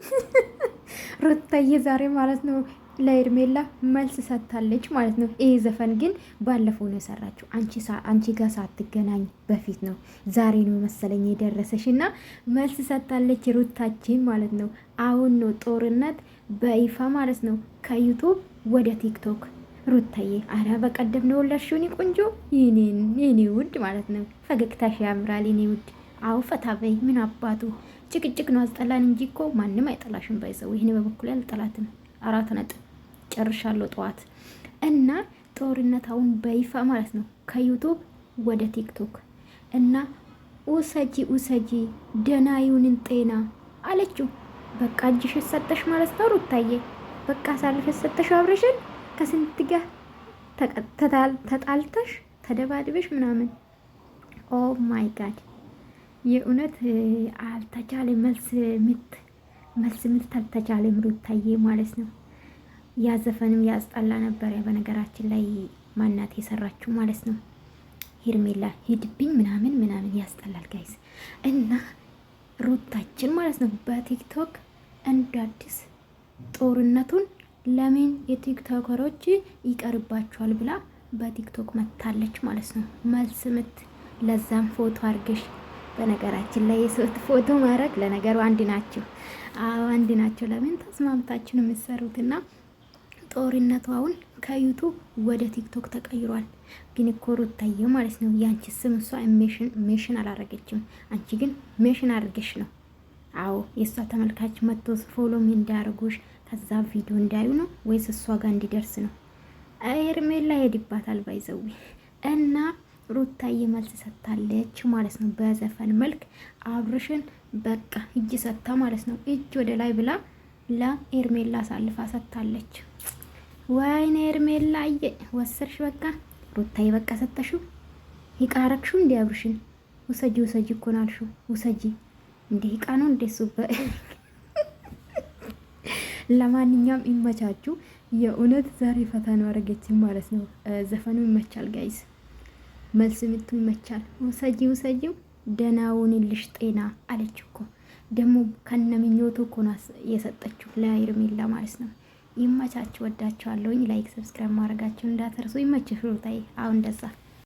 ሩታዬ ዛሬ ማለት ነው ለኤርሜላ መልስ ሰጥታለች ማለት ነው። ይህ ዘፈን ግን ባለፈው ነው የሰራችው አንቺ ጋር ሳትገናኝ በፊት ነው። ዛሬ ነው መሰለኝ የደረሰሽ እና መልስ ሰጥታለች ሩታችን ማለት ነው። አሁን ነው ጦርነት በይፋ ማለት ነው ከዩቱብ ወደ ቲክቶክ ሩታዬ አረ በቀደም ነው ወላሽውን ቆንጆ ይኔ ውድ ማለት ነው። ፈገግታሽ ያምራል ይኔ ውድ። አዎ ፈታ በይ ምን አባቱ ጭቅጭቅ ነው አስጠላን እንጂ እኮ ማንም አይጠላሽም። ባይዘው ይህን በበኩል አልጠላትም። አራት ነጥብ ጨርሻለሁ። ጠዋት እና ጦርነት አሁን በይፋ ማለት ነው ከዩቱብ ወደ ቲክቶክ እና ውሰጂ ውሰጂ ደናዩንን ጤና አለችው። በቃ እጅሽ ሰጠሽ ማለት ነው ሩታዬ። በቃ አሳልፈሽ ሰጠሽ አብረሽን ከስንት ጋር ተጣልተሽ ተደባድበሽ ምናምን ኦ ማይ ጋድ የእውነት አልተቻለ መልስ ምት መልስ ምት አልተቻለም ሩታዬ ማለት ነው። ያዘፈንም ያስጠላ ነበረ። በነገራችን ላይ ማናት የሰራችው ማለት ነው። ሄርሜላ ሂድብኝ ምናምን ምናምን ያስጠላል ጋይስ። እና ሩታችን ማለት ነው በቲክቶክ እንደ አዲስ ጦርነቱን ለምን የቲክቶከሮች ይቀርባቸዋል ብላ በቲክቶክ መታለች ማለት ነው። መልስ ምት ለዛም ፎቶ አርገሽ በነገራችን ላይ የሰውት ፎቶ ማድረግ ለነገሩ አንድ ናቸው። አዎ አንድ ናቸው። ለምን ተስማምታችሁ ነው የምትሰሩትና ጦርነቱ አሁን ከዩቱብ ወደ ቲክቶክ ተቀይሯል። ግን እኮ ሩታዬ ማለት ነው ያንቺ ስም እሷ ሜሽን አላረገችም። አንቺ ግን ሜሽን አድርገሽ ነው። አዎ የእሷ ተመልካች መጥቶ ፎሎም እንዳያርጉሽ ከዛ ቪዲዮ እንዳዩ ነው ወይስ እሷ ጋር እንዲደርስ ነው? ሄርሜላ ሄድባታል ባይዘዊ እና ሩታዬ መልስ ሰጥታለች ማለት ነው። በዘፈን መልክ አብርሽን በቃ እጅ ሰጥታ ማለት ነው። እጅ ወደ ላይ ብላ ለኤርሜላ አሳልፋ ሰጥታለች። ወይኔ ኤርሜላ አየ ወሰርሽ በቃ ሩታዬ በቃ ሰጠሽው። ይቃረክሹ እንዲ አብርሽን ውሰጂ ውሰጂ እኮ ነው አልሽው። ውሰጂ እንዴ ይቃ ነው እንደሱ ለማንኛውም ይመቻችሁ። የእውነት ዛሬ ፈታ ነው ማለት ነው። ዘፈኑ ይመቻል ጋይዝ መልስ ምትመቻል። ውሰጂ ውሰጂው ልሽ ጤና አለች እኮ ደግሞ ከነምኞቱ ምኞቱ እኮ የሰጠችው ለሄርሜላ ማለት ነው። ይመቻችሁ። ወዳችኋለሁኝ። ላይክ ሰብስክራይብ ማድረጋችሁን እንዳትረሱ። ይመችሽ ሩታዬ። አሁን እንደዛ